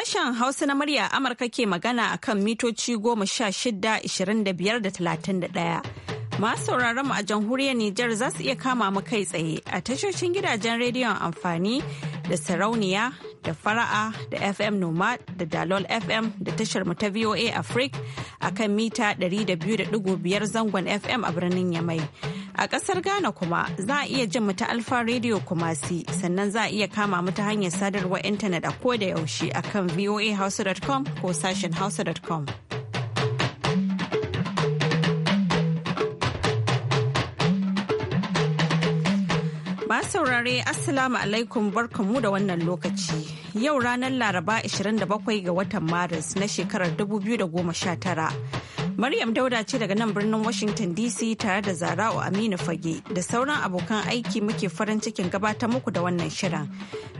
Sashen Hausa na murya Amurka ke magana a kan mitoci goma sha shida, ishirin da biyar da talatin da ɗaya. Masu sauraron mu a jamhuriyar Nijar za su iya kama mu kai tsaye a tashoshin gidajen rediyon amfani da sarauniya da fara'a da FM Nomad da Dalol FM da tashar mu ta VOA Africa a kan mita 200.5 zangon FM a birnin Yamai. A ƙasar Ghana kuma za a iya jin mu ta Alfa Radio Kumasi sannan za a iya kama mu ta hanyar sadarwar intanet a koda yaushe a kan voahausa.com ko sashen hausa.com. Masu saurare Assalamu alaikum barkanmu da wannan lokaci. Yau ranar Laraba 27 ga watan Maris na shekarar 2019. Maryam Dauda ce daga nan birnin Washington DC tare da Zara'u Aminu Fage da sauran abokan aiki muke farin cikin gabatar muku da wannan shirin.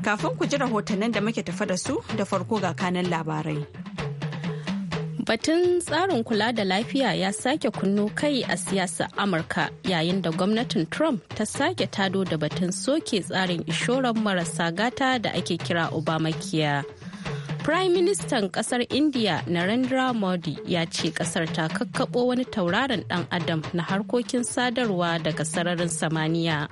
Kafin ku ji rahotannin da muke tafa da su da farko ga kanan labarai. Batun tsarin kula da lafiya ya sake kunno kai a siyasar Amurka yayin da gwamnatin Trump ta sake tado da batun soke tsarin ishoran marasa gata da ake kira Obamacare. Prime Ministan kasar India Narendra Modi ya ce kasar ta kakkaɓo wani tauraron ɗan adam na harkokin sadarwa daga sararin samaniya.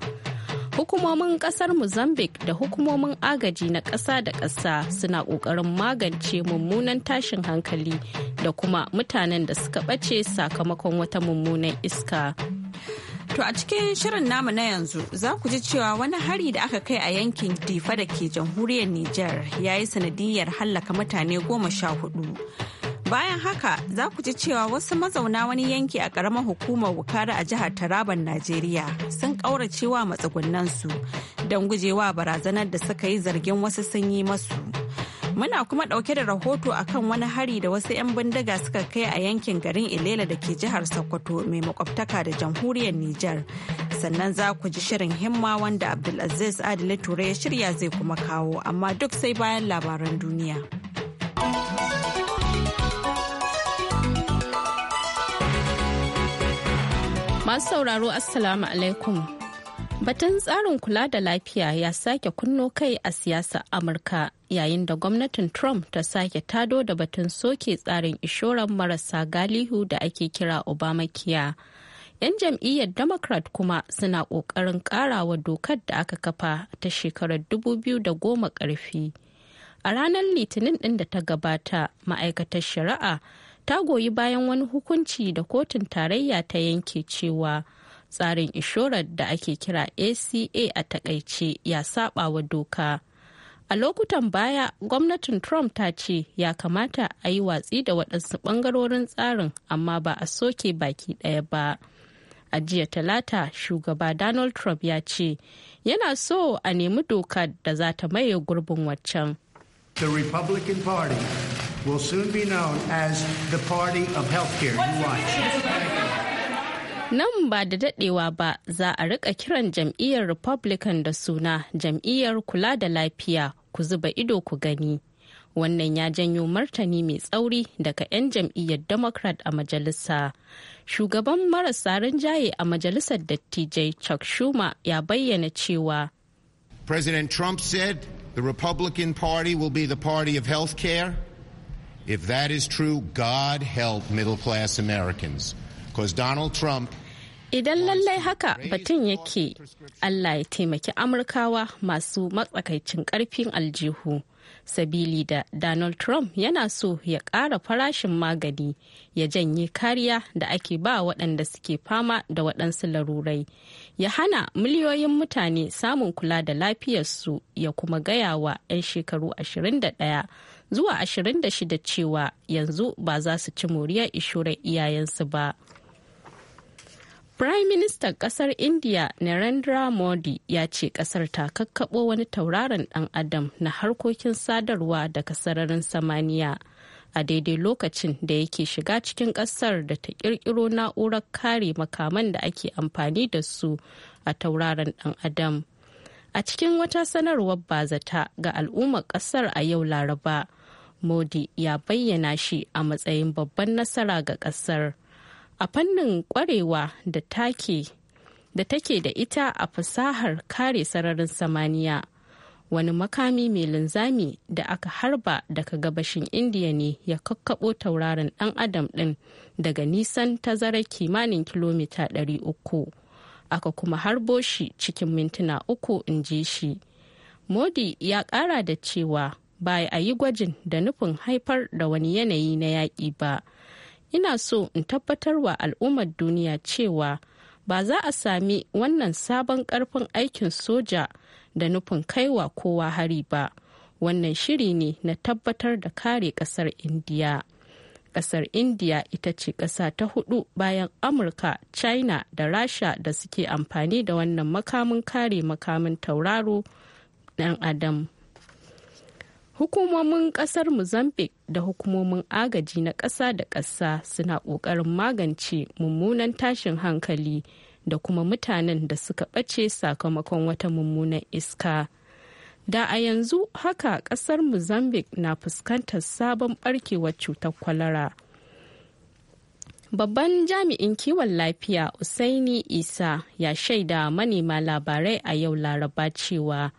hukumomin kasar mozambique da hukumomin agaji na ƙasa da ƙasa suna ƙoƙarin magance mummunan tashin hankali da kuma mutanen da suka ɓace sakamakon wata mummunan iska To a cikin shirin namu na yanzu za ku ji cewa wani hari da aka kai a yankin Difa da ke jamhuriyar Nijar ya yi sanadiyar hallaka mutane goma sha hudu. Bayan haka za ku ji cewa wasu mazauna wani yanki a ƙaramar hukumar Wukari a jihar Taraban Najeriya sun ƙauracewa matsugunansu don gujewa barazanar da suka yi zargin wasu sun yi masu. Muna kuma ɗauke da rahoto akan wani hari da wasu 'yan bindiga suka kai a yankin garin Ilela da ke jihar Sokoto mai makwabtaka da jamhuriyar Nijar. Sannan za ku ji shirin himma wanda Abdulaziz Adili Ture ya shirya zai kuma kawo amma duk sai bayan labaran duniya. Masu sauraro Assalamu alaikum. Batun tsarin kula da lafiya ya sake kunno kai a siyasa Amurka yayin da gwamnatin Trump ta sake tado da batun soke tsarin inshoran marasa galihu da ake kira Obamacare. 'Yan jam'iyyar Democrat kuma suna ƙoƙarin ƙarawa dokar da aka kafa ta shekarar 2010 ƙarfi. A ranar Litinin ɗin da ta gabata, ma'aikatar shari'a ta goyi bayan wani hukunci da kotun tarayya ta yanke cewa tsarin inshorar da ake kira ACA a takaice ya saba wa doka. A lokutan baya, gwamnatin Trump ta ce ya kamata a yi watsi da waɗansu ɓangarorin tsarin amma ba a soke baki ɗaya ba. A jiya talata, shugaba Donald Trump ya ce yana so a nemi doka da za ta maye gurbin waccan. The Republican Party will soon be known as the party of healthcare. You watch. Nan ba da daɗewa ba za a rika kiran jam'iyyar Republican da suna jam'iyyar kula da lafiya ku zuba ido ku gani. Wannan ya janyo martani mai tsauri daga 'yan jam'iyyar Democrat a majalisa. Shugaban marasa rinjaye a majalisar dattijai Chuck Schumer ya bayyana cewa. President Trump said the Republican Party will be the party of health care. If that is true, God help middle class Americans. Because Donald Trump Idan lallai haka batun yake Allah ya taimaki Amurkawa masu matsakaicin karfin aljihu. Sabili da Donald Trump yana so ya ƙara farashin magani ya janye kariya da ake ba waɗanda suke fama da waɗansu larurai. Ya hana miliyoyin mutane samun kula da lafiyarsu ya kuma gaya wa 'yan shekaru 21 zuwa 26 cewa yanzu ba za su ci moriyar inshorar iyayensu ba. Prime Minister kasar India Narendra Modi ya ce kasar ta kakkaɓo wani tauraron ɗan adam na harkokin sadarwa daga sararin samaniya a daidai lokacin da yake shiga cikin kasar da ta ƙirƙiro na'urar kare makaman da ake amfani da su a tauraron ɗan adam. A cikin wata sanarwar bazata ga al'ummar kasar a yau Laraba. modi ya bayyana shi a matsayin babban nasara ga kasar a fannin kwarewa da take da take da ita a fasahar kare sararin samaniya wani makami mai linzami da aka harba daga gabashin indiya ne ya kakkaɓo tauraron ɗan adam ɗin daga nisan tazarar kimanin kilomita 300 aka kuma harbo shi cikin mintuna uku in ji shi modi ya ƙara da cewa ba a yi gwajin da nufin haifar da wani yanayi na yaƙi ba ina so in tabbatar wa al'ummar duniya cewa ba za a sami wannan sabon ƙarfin aikin soja da nufin kaiwa kowa hari ba wannan shiri ne na tabbatar da kare ƙasar indiya ƙasar indiya ita ce ƙasa ta hudu bayan amurka china da rasha da suke amfani da wannan makamin kare makamin tauraro ɗan adam hukumomin kasar mozambique da hukumomin agaji na ƙasa da ƙasa suna ƙoƙarin magance mummunan tashin hankali da kuma mutanen da suka ɓace sakamakon wata mummunan iska da a yanzu haka ƙasar mozambique na fuskantar sabon ɓarkewar cutar kwalara babban jami'in kiwon lafiya usaini isa ya shaida manema labarai a yau laraba cewa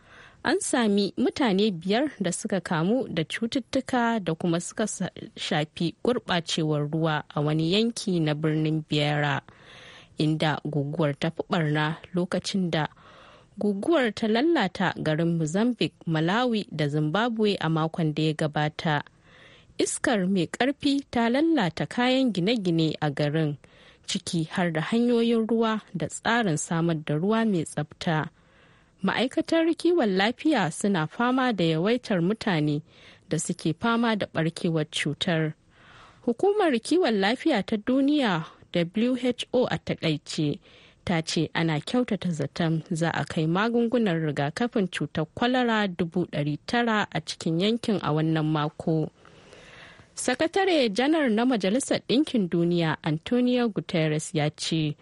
an sami mutane biyar da suka kamu da cututtuka da kuma suka shafi gurɓacewar ruwa a wani yanki na birnin biyara inda guguwar ta fi barna lokacin da guguwar ta lallata garin mozambique malawi da zimbabwe a makon da ya gabata iskar mai ƙarfi ta lallata kayan gine-gine a garin ciki har da hanyoyin ruwa da tsarin samar da ruwa mai tsabta. ma'aikatar kiwon lafiya suna fama da yawaitar mutane da suke fama da barkewar cutar hukumar kiwon lafiya ta duniya who a takaice ta ce ana kyautata zaton za a kai magungunan rigakafin cutar kwalara 900 a cikin yankin a wannan mako sakatare janar na majalisar ɗinkin duniya antonio guterres ya ce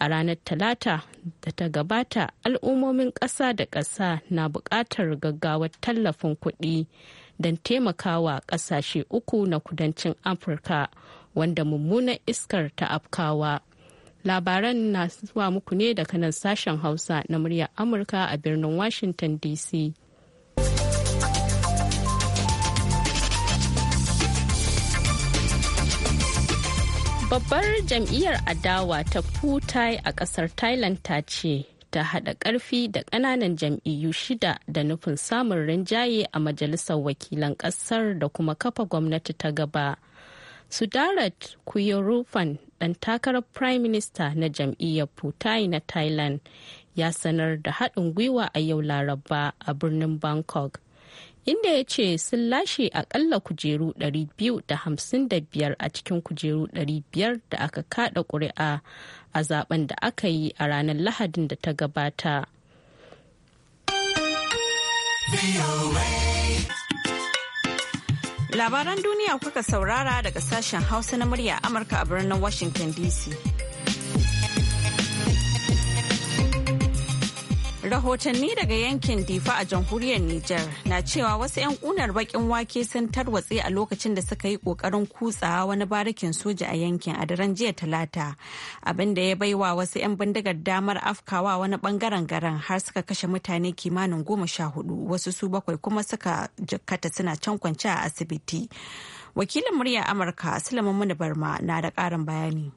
a ranar talata da ta gabata al'ummomin ƙasa da ƙasa na buƙatar gaggawar tallafin kuɗi don taimakawa ƙasashe uku na kudancin afirka wanda mummunan iskar ta afkawa labaran na zuwa muku ne daga nan sashen hausa na muryar amurka a birnin washington dc Babbar jam'iyyar adawa ta Putai a kasar Thailand ta ce ta haɗa ƙarfi da ƙananan jam'iyyu shida da nufin samun rinjaye a majalisar wakilan ƙasar da kuma kafa gwamnati ta gaba. Sudarat Kuyorufan ɗan takarar Prime Minister na jam'iyyar Putai na Thailand ya sanar da haɗin gwiwa a yau Laraba a birnin Bangkok inda ya ce sun lashe akalla kujeru 255 a cikin kujeru 500 da aka kada kuri'a a zaben da aka yi a ranar lahadin da ta gabata. Labaran duniya kuka saurara daga sashen Hausa na murya Amurka a birnin Washington DC. rahotanni daga yankin difa a jamhuriyar Nijar na cewa wasu 'yan kunar bakin wake sun tarwatse a lokacin da suka yi kokarin kutsawa wani barikin soja a yankin a daren jiya talata abinda da ya baiwa wasu 'yan bindigar damar afkawa wani bangaren garan har suka kashe mutane kimanin goma sha hudu wasu su bakwai kuma suka jikkata suna can kwance a asibiti wakilin murya amurka sulaiman muni barma na da karin bayani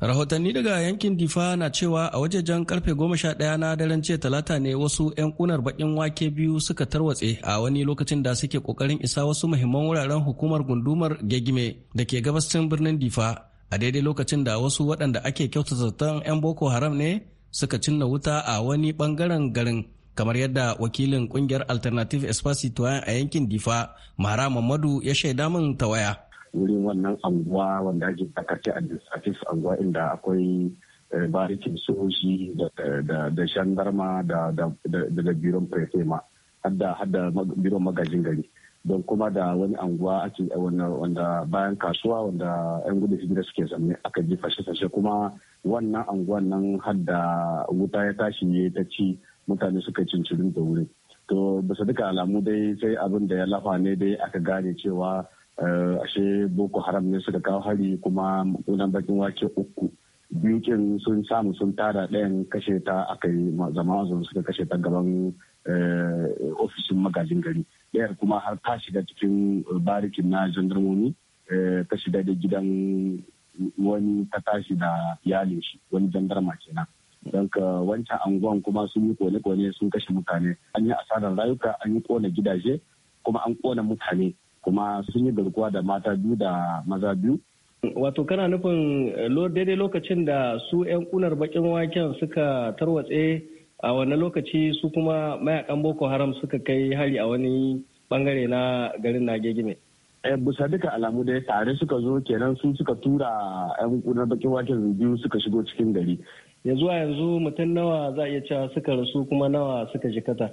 Rahotanni daga yankin Difa na cewa a wajejen karfe 11 na daren ce talata ne wasu 'yan kunar bakin wake biyu suka tarwatse a wani lokacin da suke kokarin isa wasu muhimman wuraren hukumar gundumar Gegime da ke gabashin birnin Difa a daidai lokacin da wasu waɗanda ake kyautata zaton 'yan Boko Haram ne suka cinna wuta a wani bangaren garin kamar yadda wakilin kungiyar Alternative Espace a yankin Difa Mara Mamadu ya shaida min ta waya. wurin wannan anguwa wanda ake takarce administrative anguwa inda akwai eh, barikin soji da shandarma da biron prefema hadda biron magajin gari don kuma da wani anguwa ake wanda bayan kasuwa wanda yan gudun hijira suke zanne aka ji fashe-fashe kuma wannan anguwan nan hadda wuta ya tashi ne ta ci mutane suka cincirin da wurin to bisa duka alamu dai sai abin da ya lafa ne dai aka gane cewa Eh, ashe boko haram ne suka kawo hari kuma kunan bakin wake uku biyu sun samu sun tara ɗayan kashe ta aka yi zama suka kashe ta gaban eh, ofishin magajin gari ɗayar kuma har ta shiga cikin barikin na jandarmomi eh, ta shiga da gidan wani ta tashi da yalin shi wani jandarma kenan don ka wancan anguwan kuma sun yi kone-kone sun kashe mutane an yi asarar rayuka an yi kona gidaje kuma an kona mutane kuma sun yi garkuwa da mata biyu da maza biyu wato kana nufin eh, daidai lokacin da su 'yan kunar bakin waken suka tarwatse a wani lokaci su kuma mayakan boko haram suka kai hari a wani bangare na garin nagegime eh, bisa duka alamu da tare suka zo kenan su suka tura 'yan kunar bakin waken biyu suka shigo cikin gari yanzu a yanzu mutum nawa za a iya cewa suka rasu kuma nawa suka jikata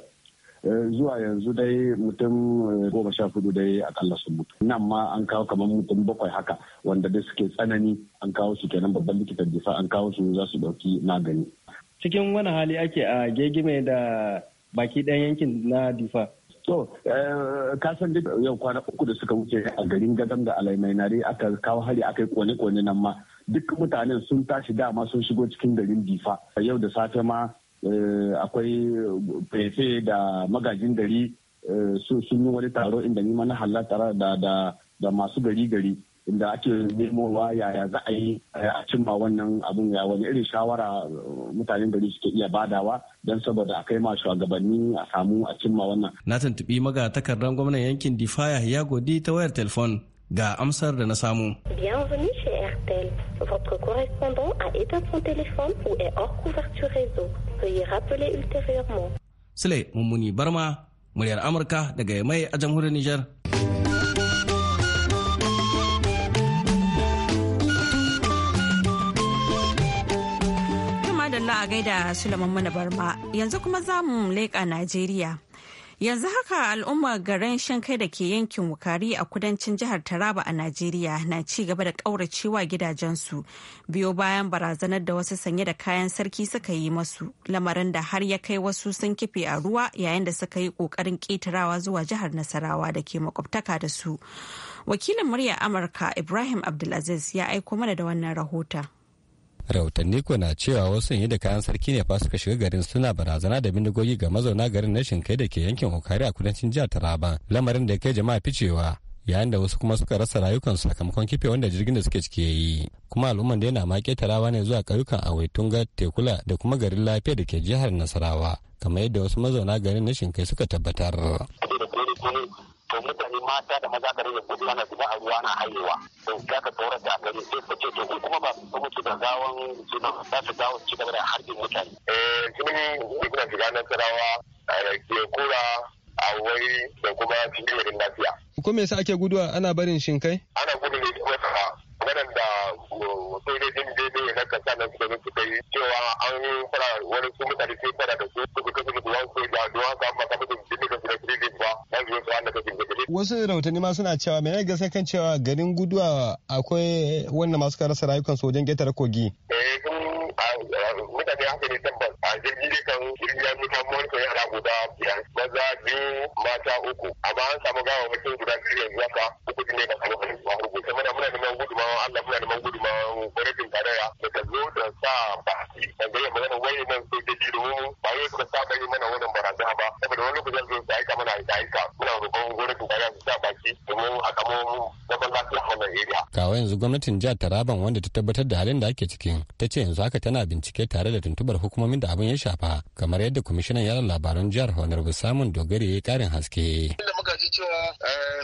Eh, zuwa yanzu dai mutum eh, goma sha hudu dai akalla sun mutu nan ma an kawo kamar mutum bakwai haka wanda da suke tsanani an kawo su kenan babban likitan jifa an kawo su za su ɗauki magani. cikin wani hali ake a gegime da baki ɗan yankin na difa. To, eh, ka san duk yau kwana uku da suka wuce a garin gadam da alaimainari aka kawo hari aka yi kone-kone nan ma duk mutanen sun tashi dama sun shigo cikin garin difa. Yau da safe ma Eh, akwai fefe da magajin gari eh, sun yi wani taro inda ni mana halatta da masu gari gari inda ake nemowa yaya za a yi eh, a cimma wannan abun ya wani irin shawara mutanen gari suke iya badawa don saboda a kai ma shugabanni a samu a cimma wannan. Na tuntubi maga takardar gwamnan yankin Difaya ya godi ta wayar telefon ga amsar da na samu. Bienvenue RTL. Votre correspondant a éteint son téléphone ou est hors couverture réseau. Veuillez rappeler ultérieurement. Sule Mummuni Barma, muryar Amurka daga Yamai a Niger. Nijar. Madalla a gaida Sulaiman Mana Barma, yanzu kuma za mu leƙa Najeriya. Yanzu haka al'ummar garin Shankai da ke yankin Wukari a kudancin jihar Taraba a Najeriya na ci gaba da ƙauracewa gidajensu biyo bayan barazanar da wasu sanye da kayan sarki suka yi masu lamarin da har ya kai wasu sun kife a ruwa yayin da suka yi ƙoƙarin ƙetarawa zuwa jihar Nasarawa da ke makwabtaka da su. Wakilin murya Amurka Ibrahim Abdulaziz ya aiko mana da wannan rahoton. rahotanni ko na cewa wasu yi da kayan sarki ne fa suka shiga garin suna barazana da bindigogi ga mazauna garin na shinkai da ke yankin okari a kudancin jihar taraba lamarin da ya kai jama'a ficewa yayin da wasu kuma suka rasa rayukansu sakamakon kife wanda jirgin da suke ciki ya yi kuma al'umman da yana make tarawa ne zuwa ƙauyukan tunga tekula da kuma garin lafiya da ke jihar nasarawa kamar yadda wasu mazauna garin na shinkai suka tabbatar to mutane mata da maza gare da kudi ana zuba a ruwa na haihuwa to za ka tsoron da gari sai ka ce to kuma ba su mutu da gawan suna za su dawo su ci gaba da harbin mutane. eh shi ne shiga nasarawa a ke kura a wai da kuma cikin yarin lafiya. ko me yasa ake guduwa ana barin shinkai? ana gudu ne kuma waɗanda uh, sojojin daidai na kasa na su da suka yi cewa an yi fara wani su mutane sai fara da su su wasu rahotanni ma suna cewa mai gaskiya kan cewa garin guduwa akwai wannan masu rasa rayukansu wajen getare kogi. Eh, mutane haka ne tabbas a jirgi ne kan jirgi ya nufa mawanta yara guda biyar maza biyu mata uku amma an samu gawa mutum guda biyu yanzu haka gwamnatin jihar taraban wanda ta tabbatar da halin da ake cikin ta ce yanzu haka tana bincike tare da tuntubar hukumomin da abin ya shafa kamar yadda kwamishinan yaran labaran jihar honorable samun dogari ya karin haske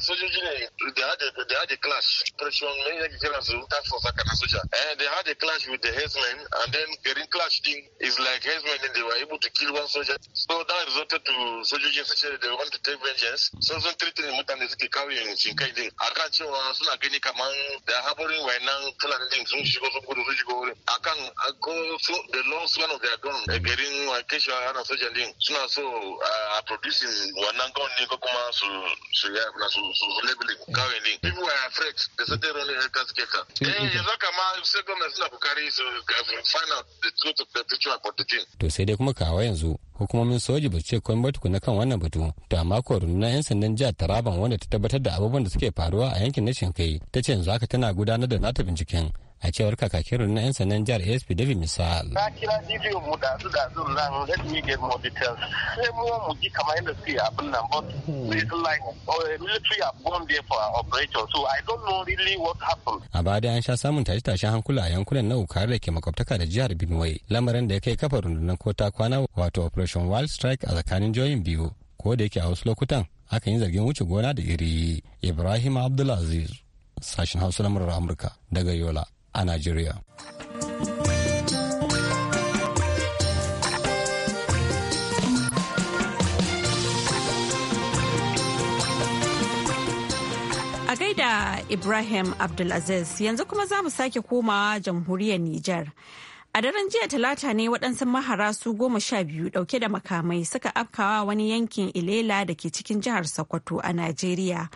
sojoji ne they had a, they had a clash pressure soja and they had a clash with the herdsmen and then getting clash thing is like herdsmen and they were able to kill one soldier so that resulted to sojojin su they want to take vengeance so sun treating mutane suke in, shinkai din akan cewa suna kaman sun sun sun the long one of their gun garin suna so a producing wannan kuma su su ya na su volebile kawai people were afraid da certain running health care eh yanzu kama sai gwamnati suna kokari su find out the truth of the picture about the thing to sai dai kuma kawo yanzu hukumomin soji ba ce komai ba tukuna kan wannan batu to amma ko rundunar yan sandan jihar taraban wanda ta tabbatar da abubuwan da suke faruwa a yankin na shinkai ta ce yanzu haka tana gudanar da nata binciken a cewar kakakin na 'yan sanan jihar asp david misal na kira mu da da nan sai mu mu ji kamar yadda suke abin nan but hmm. like oh, military have gone there for our operation so i don't know really what happened a baya an sha samun tashe tashen hankula a yankunan na ukar da ke makwabtaka da jihar benue lamarin da ya kai kafa rundunar kota kwana wato operation wild strike a tsakanin joyin biyu ko da yake a wasu lokutan akan yi zargin wuce gona da iri ibrahim abdulaziz sashen hausa na murar amurka daga yola a Najeriya. A gaida Ibrahim Abdulaziz yanzu kuma za mu sake komawa jamhuriyar Nijar. A daren jiya talata ne waɗansu mahara su goma sha biyu ɗauke da makamai suka afkawa wani yankin Ilela da ke cikin jihar Sokoto a Najeriya,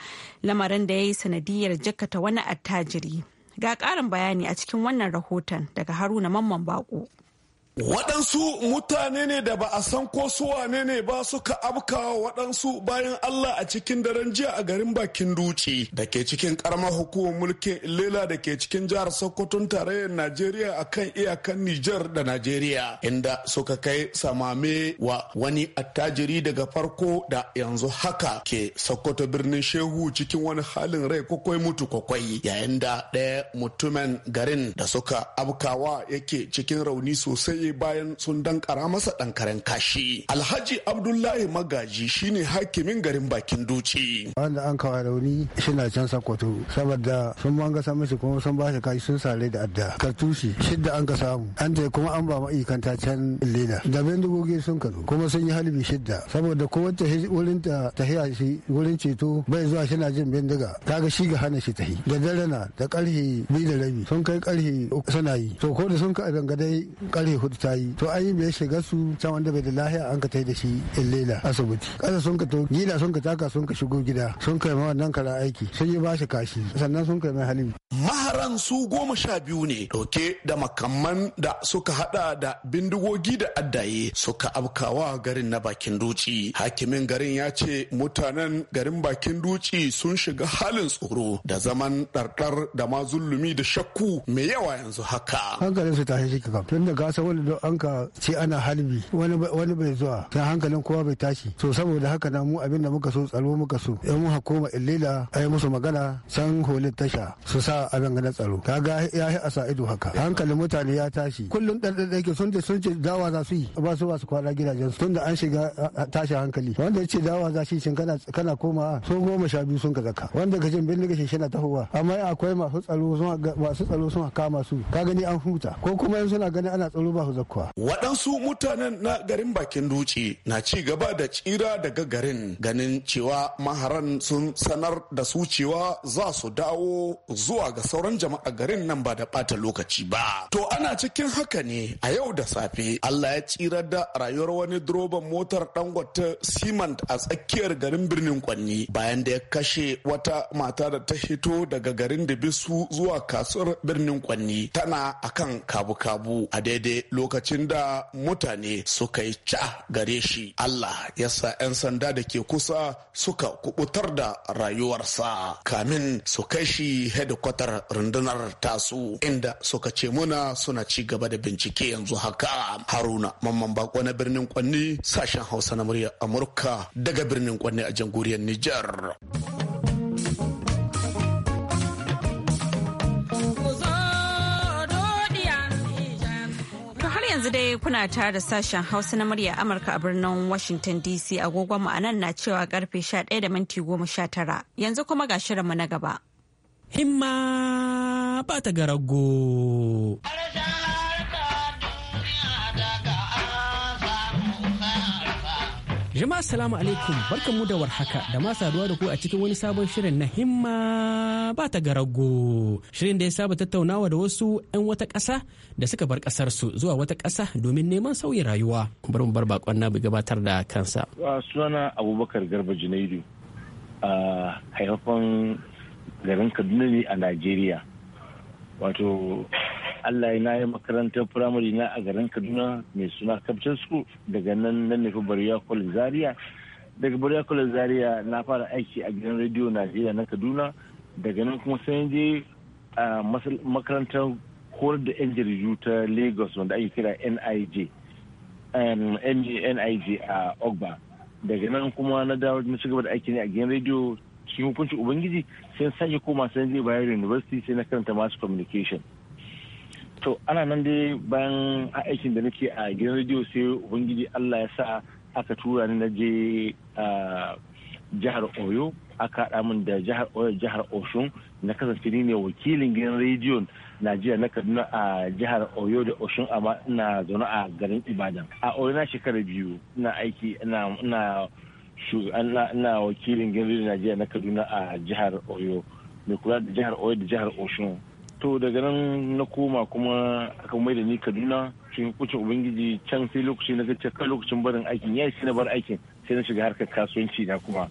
lamarin da ya yi sanadiyar jikkata wani attajiri. Ga ƙarin bayani a cikin wannan rahoton daga Haruna Mamman Bako. waɗansu mutane ne da ba a san ko su wane ne ba suka afkawa waɗansu bayan Allah a cikin daren jiya a garin bakin duci da ke cikin karamar hukumar mulkin lela da ke cikin jihar Sokoton tarayyar Najeriya a kan iyakan Nijar da Najeriya inda suka kai samame wa wani attajiri daga farko da yanzu haka ke Sokoto birnin Shehu cikin wani halin rai kwakwai mutu kwakwai yayin da ɗaya mutumin garin da suka abkawa yake cikin rauni sosai karye bayan sun dankara masa ɗan karen kashi. Alhaji Abdullahi Magaji shine hakimin garin bakin duci. Wanda an kawo rauni shina can sakwato saboda sun man gasa mishi kuma sun ba shi kashi sun sare da adda. Kartushi shidda an ka samu an ta kuma an ba ma'aikanta can leda. Da bindigogi sun kano kuma sun yi halbi shidda saboda kowace wurin ta tahiya shi wurin ceto bai zuwa shina jin bindiga kaga shi ga hana shi tahi. Da dare na da karhe biyu da rabi sun kai karhe uku yi. To ko da sun ka dai karhe hudu kotu ta yi to an yi ya shiga su can wanda bai da lahiya an ka tai da shi illela asibiti kasa sun ka to gida sun ka taka sun ka shigo gida sun ka ma wannan kara aiki sun yi bashi kashi sannan sun kai mai halin maharan su goma sha biyu ne dauke da makamman da suka hada da bindigogi da addaye suka abkawa garin na bakin duci hakimin garin ya ce mutanen garin bakin duci sun shiga halin tsoro da zaman ɗarɗar da ma zulumi da shakku mai yawa yanzu haka hankalin su ta shi kam tun da gasa wani da an ka ce ana halbi wani bai zuwa ta hankalin kowa bai tashi so saboda haka na mu abinda muka so tsaro muka so yan mu ma illila a yi musu magana san holin tasha su sa abin na tsaro kaga ya yi asa ido haka hankalin mutane ya tashi kullum dan dan yake sun ce sun ce dawa za su yi ba su ba su kwana gidajen su tunda an shiga tashi hankali wanda ya ce dawa za shi shin kana kana koma sun goma sha biyu sun ka zaka wanda ka jin bindiga shi shina tahowa amma akwai masu tsaro sun masu tsaro sun kama su ka gani an huta ko kuma yanzu suna gani ana tsaro ba su zakwa. Waɗansu mutanen na garin bakin dutse na ci gaba da tsira daga garin ganin cewa maharan sun sanar da su cewa za su dawo zuwa ga sauran jama'a garin nan ba da ɓata lokaci ba. To ana cikin haka ne a yau da safe Allah ya tsira da rayuwar wani duroban motar dangote simant a tsakiyar garin birnin Kwanni bayan da ya kashe wata mata da ta hito daga garin da bisu zuwa kasuwar birnin Kwanni tana akan kabu-kabu a daidai lokacin da mutane suka yi ca gare shi Allah ya sa 'yan sanda da ke kusa suka kubutar da rayuwarsa kamin su kai shi hedikwatar rundunar tasu inda suka ce muna suna ci gaba da bincike yanzu haka haruna mamman bako na birnin kwanni sashen hausa na murya amurka daga birnin kwanni a jamhuriyar Nijar. dai kuna tare da sashen Hausa na murya Amurka a birnin Washington DC agogon mu anan na cewa karfe 11 da minti 19. Yanzu kuma ga shirin mu na gaba. Himma ba ta garago. Jama'a assalamu alaikum barkanmu da warhaka da ma saduwa da ku a cikin wani sabon shirin na himma ba ta garago. Shirin da ya saba tattaunawa da wasu 'yan wata ƙasa da suka bar ƙasar su zuwa wata ƙasa domin neman sauyi rayuwa. Bari mu bar bakon na gabatar da kansa. Sunana Abubakar Garba Junaidu a haifafan garin Kaduna ne a Najeriya. wato Allah na yi makarantar firamare na a garin Kaduna mai suna Captain School daga nan na nufi Bariya Zaria. Daga Bariya College Zaria na fara aiki a gidan Radio Najeriya na Kaduna daga nan kuma sai je a makarantar horar da 'yan jaridu ta Lagos wanda ake kira NIJ. NIJ a Ogba. Daga nan kuma na dawo na cigaba da aiki ne a gidan Rediyo. cikin hukunci ubangiji sai sake koma sai zai bayar university sai na karanta mass communication to ana nan dai bayan aikin da nake a gidan rediyo sai ubangiji allah ya sa aka tura ni na je jihar oyo aka haɗa min da jihar oyo jihar oshun na kasance ni ne wakilin gidan radio najeriya na kaduna a jihar oyo da oshun amma ina zaune a garin ibadan a oyo na shekara biyu ina aiki ina ina wakilin gandun najeriya na kaduna a jihar oyo mai kula da jihar oyo da jihar oshun to daga nan na koma kuma aka mai da ni kaduna cikin kucin ubangiji can sai lokaci na gace kan lokacin barin aikin ya sai na bar aikin sai na shiga harkar kasuwanci na kuma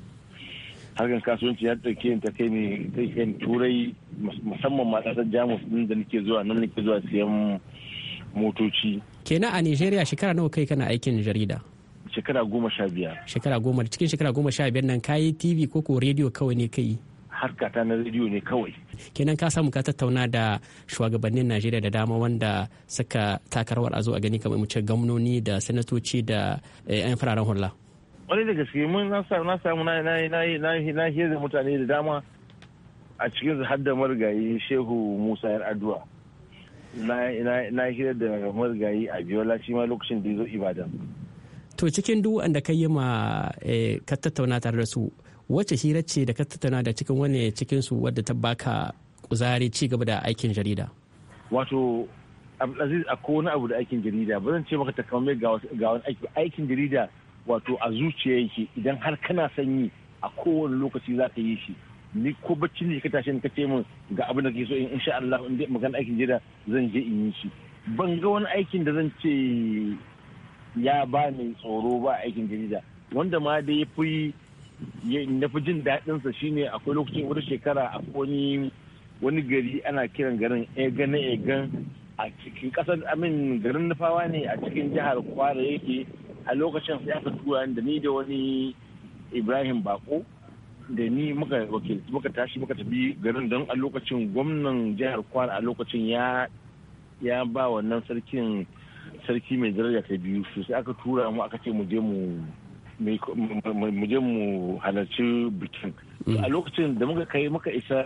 harkar kasuwanci ya ɗauke ta kai ne kai turai musamman ma ƙasar jamus din da nake zuwa nan nake zuwa siyan motoci kenan a nigeria shekara nawa kai kana aikin jarida shekara goma sha biyar shekara goma cikin shekara goma sha biyar nan kayi tv ko ko rediyo kawai ne kai harka ta na rediyo ne kawai kenan ka samu ka tattauna da shugabannin najeriya da dama wanda suka takarwar a zo a gani kamar mu ce gwamnoni da sanatoci da yan eh, fararen hula wani da gaske mun na samu na na na na na da mutane da dama a cikin har da marigayi shehu musa yar addu'a na hira da marigayi a biyola shi ma lokacin da ya zo ibadan to cikin duk wanda ka yi ma eh, ka tattauna tare da su wacce hira ce da ka tattauna da cikin wani cikin su wadda ta baka kuzari ci gaba da aikin jarida wato abdulaziz a kowane abu da aikin jarida ba zan ce maka takamaimai ga wani aikin jarida wato a zuciya yake idan har kana sanyi a kowane lokaci za ka yi shi ni ko bacci ne ka tashi ka ce min ga abin da ke so in sha Allah in dai magana aikin jarida zan je in yi shi ban ga wani aikin da zan ce ya ba ni tsoro ba aikin jarida wanda ma da ya fi na fi jin daɗinsa shine akwai lokacin wata shekara a wani wani gari ana kiran garin egan egan a cikin ƙasar amin garin nufawa ne a cikin jihar kwara yake a lokacin sai aka tura da ni da wani ibrahim bako da ni muka wakil muka tashi muka tafi garin don a lokacin gwamnan jihar kwara a lokacin ya ya ba wannan sarkin sarki mai daraja ta biyu sosai aka tura mu aka ce mu je mu mu je mu halarci bikin mm. a lokacin da muka kai muka isa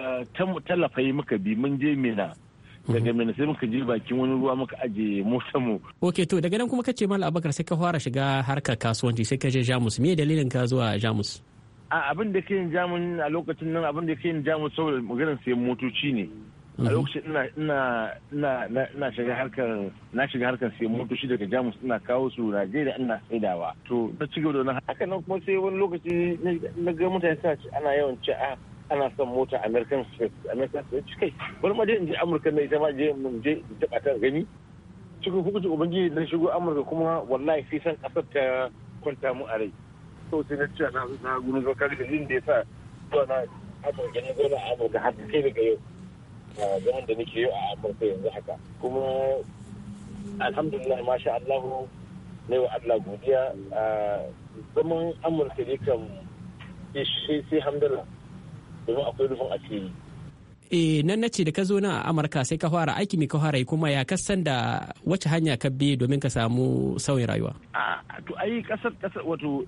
talafai muka bi mun je mina daga mm-hmm. mina sai muka je bakin wani ruwa muka aje mota mu ok to daga nan kuma kace mal abakar sai ka fara shiga harkar kasuwanci sai ka je jamus me dalilin ka zuwa jamus a abin da ke yin jamus a lokacin nan abin da ke yin jamus saboda maganar sai motoci ne a mhm. lokacin ina ina ina ina shiga harkar na shiga harkar sai motoci daga jamus ina kawo su najeriya ina saidawa to na ci gaba da haka nan kuma sai wani lokaci na ga mutane suna ci ana yawan ci a ah, ana son mota american space american space kai bari ma dai in je amurka ne ita ma je mun je taba ta gani cikin hukunci ubangiji na shigo amurka kuma wallahi sai san kasar ta kwanta mu a rai to sai na ci na na zo kaga da da yasa to na amurka ne zo a amurka har kai daga yau zaman da nake yi a amurka yanzu haka kuma alhamdulillah masha allahu ne wa allah godiya a zaman amurka ne kan sai hamdala domin akwai rufin asiri e nan ce da ka zo n'a a Amurka sai ka fara aiki mai ka fara kuma ya kasan da wace hanya ka bi domin ka samu sauyin rayuwa a to ai kasar kasar wato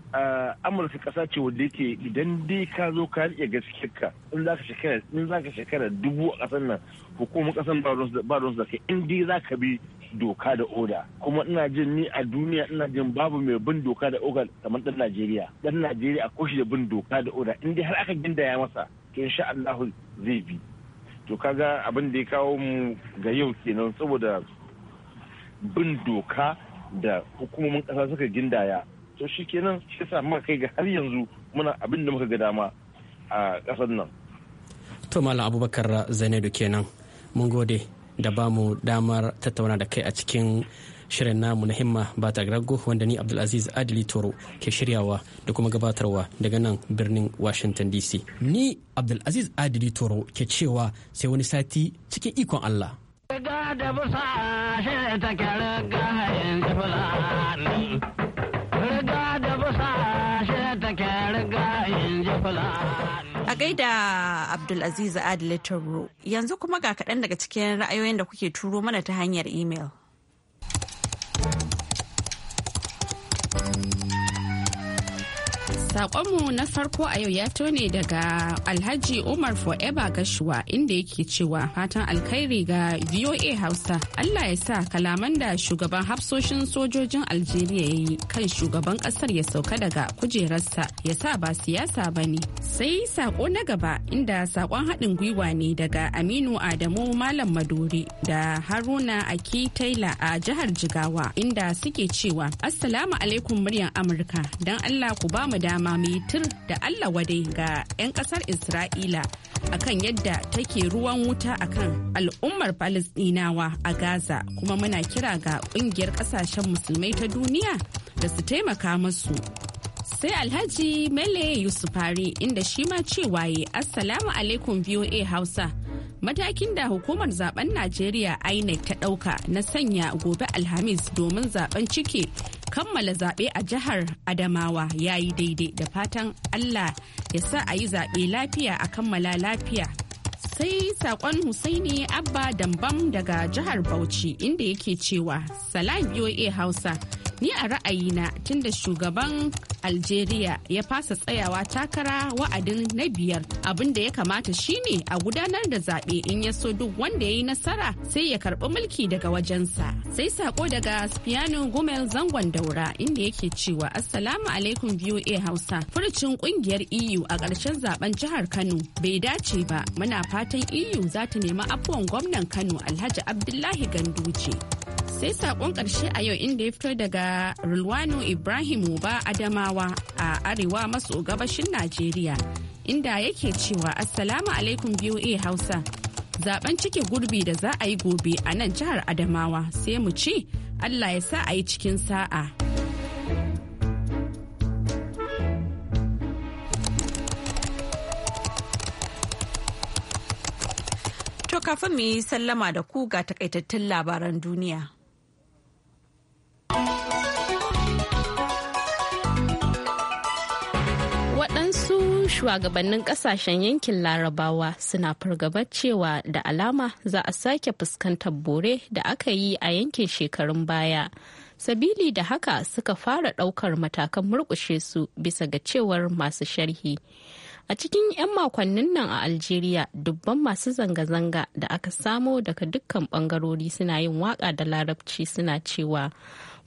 Amurka kasa ce wanda yake idan dai ka zo ka rike gaskiyarka in za ka shekara in ka shekara dubu a kasar nan hukumar kasar ba ba da kai in dai za ka bi doka da oda kuma ina jin ni a duniya ina jin babu mai bin doka da oda kamar dan Najeriya dan Najeriya a koshi da bin doka da oda in dai har aka gindaya masa to insha Allah zai bi to kaga abin da ya kawo mu ga yau kenan saboda bin doka da hukumomin kasa suka gindaya to shi kenan shi yasa muka kai ga har yanzu muna abin da muka ga dama a kasar nan to malam abubakar zainadu kenan mun gode da ba mu damar tattauna da kai a cikin shirin namu na himma ba ta rago wanda ni abdulaziz adili toro ke shiryawa da kuma gabatarwa daga nan birnin washington dc ni abdulaziz adili toro ke cewa sai wani sati cikin ikon allah A gaida Abdulaziz Adil yanzu kuma ga kaɗan daga cikin ra'ayoyin da kuke turo mana ta hanyar imel. Sakonmu na farko a yau ya tone daga Alhaji Umar Forever Gashuwa inda yake cewa fatan alkhairi ga VOA Hausa. Allah ya sa kalaman da shugaban hafsoshin sojojin Algeria ya yi kan shugaban kasar ya sauka daga kujerarsa ya sa ba siyasa ba ne. Sai sako na gaba inda sakon haɗin gwiwa ne daga Aminu Adamu Malam Maduri da Haruna Aki Taila a jihar Jigawa inda suke cewa Assalamu alaikum muryar Amurka don Allah ku ba mu dama ma mu da Allah wadai ga 'yan kasar Isra'ila akan yadda take ruwan wuta akan al'ummar Falasɗinawa a Gaza kuma muna kira ga kungiyar kasashen musulmai ta duniya da su taimaka masu. Sai Alhaji Mele Yusufari inda shi ma cewa yi Assalamu alaikum VOA Hausa. matakin da hukumar zaben najeriya inec ta dauka na sanya gobe alhamis domin zaben cike kammala zaɓe a jihar adamawa ya yi daidai da fatan allah ya sa a yi zaɓe lafiya a kammala lafiya sai saƙon husaini abba dambam daga jihar bauchi inda yake cewa salam voa hausa ni a ra'ayina tunda shugaban algeria ya fasa tsayawa takara wa'adin na biyar abin da ya kamata shine a gudanar da zaɓe in ya so duk wanda ya yi nasara sai ya karɓi mulki daga wajensa sai sako daga spiano gomel zangon daura inda yake cewa assalamu alaikum voa hausa furucin ƙungiyar eu a ƙarshen zaben jihar kano bai dace ba muna fatan eu za ta nemi afuwan gwamnan kano alhaji abdullahi ganduje sai sakon karshe a yau inda ya fito daga rulwano ibrahim uba adamawa a arewa maso gabashin najeriya inda yake cewa assalamu alaikum voa hausa zaben cike gurbi da za a yi gobe a nan jihar adamawa sai mu ci allah ya sa a yi cikin sa'a To kafin mu yi sallama da ku ga takaitattun labaran duniya. waɗansu shugabannin ƙasashen yankin larabawa suna fargaba cewa da alama za a sake fuskantar bore da aka yi a yankin shekarun baya sabili da haka suka fara ɗaukar matakan murƙushe su bisa ga cewar masu sharhi a cikin 'yan makonnin nan a algeria dubban masu zanga-zanga da aka samo daga dukkan ɓangarori suna yin waka da larabci suna cewa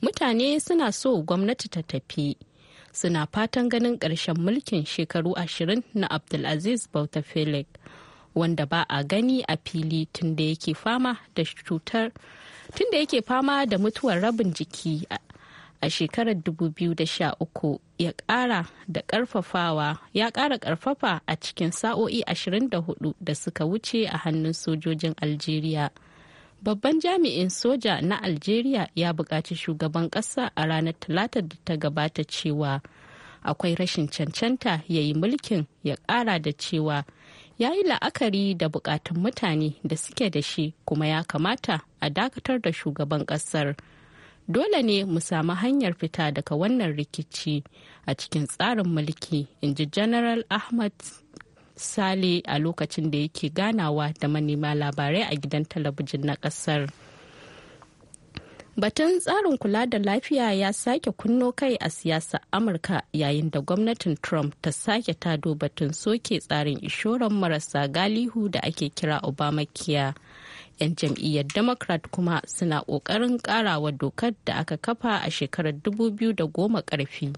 mutane suna so gwamnati ta tafi suna fatan ganin ƙarshen mulkin shekaru ashirin na abdulaziz bautafelik wanda ba a gani a fili tun yake fama da mutuwar rabin jiki a shekarar 2013 ya ƙara da ƙarfafawa ya ƙara ƙarfafa a cikin sa'o'i 24 da suka wuce a hannun sojojin algeria babban jami'in soja na algeria ya buƙaci shugaban ƙasa a ranar Talata da ta gabata cewa akwai rashin cancanta ya yi mulkin ya ƙara da cewa ya yi la'akari da buƙatun mutane da suke da shi kuma ya kamata a dakatar da shugaban ƙasar dole ne mu samu hanyar fita daga wannan rikici a cikin tsarin mulki in ji general ahmad Sale a lokacin da yake ganawa da manema labarai a gidan talabijin na ƙasar. Batun tsarin kula da lafiya ya sake kunno kai a siyasar Amurka yayin da gwamnatin Trump ta sake tado batun soke tsarin inshoran marasa galihu da ake kira Obamacare. 'Yan jam'iyyar Democrat kuma suna ƙoƙarin ƙarawa dokar da aka kafa a shekarar 2010 ƙarfi.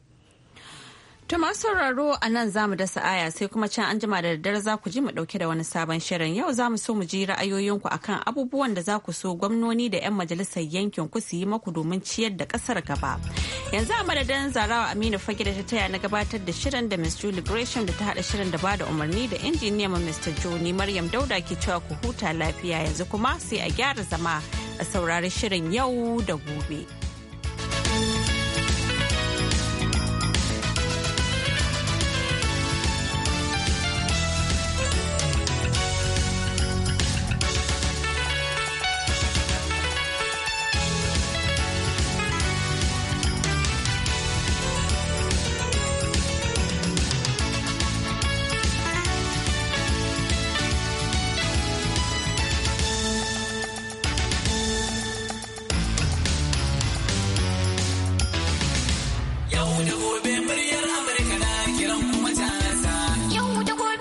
To masu sauraro a nan za mu dasa aya sai kuma can an jima da daddare za ku ji mu dauke da wani sabon shirin yau za mu so mu ji ra'ayoyinku akan abubuwan da za ku so gwamnoni da 'yan majalisar yankin ku su yi maku domin ciyar da kasar gaba. Yanzu a madadin zarawa Aminu Fagida ta taya na gabatar da shirin da Miss Julie Gresham da ta haɗa shirin da bada umarni da injiniya Mr. Joni Maryam Dauda ke cewa ku huta lafiya yanzu kuma sai a gyara zama a saurari shirin yau da gobe.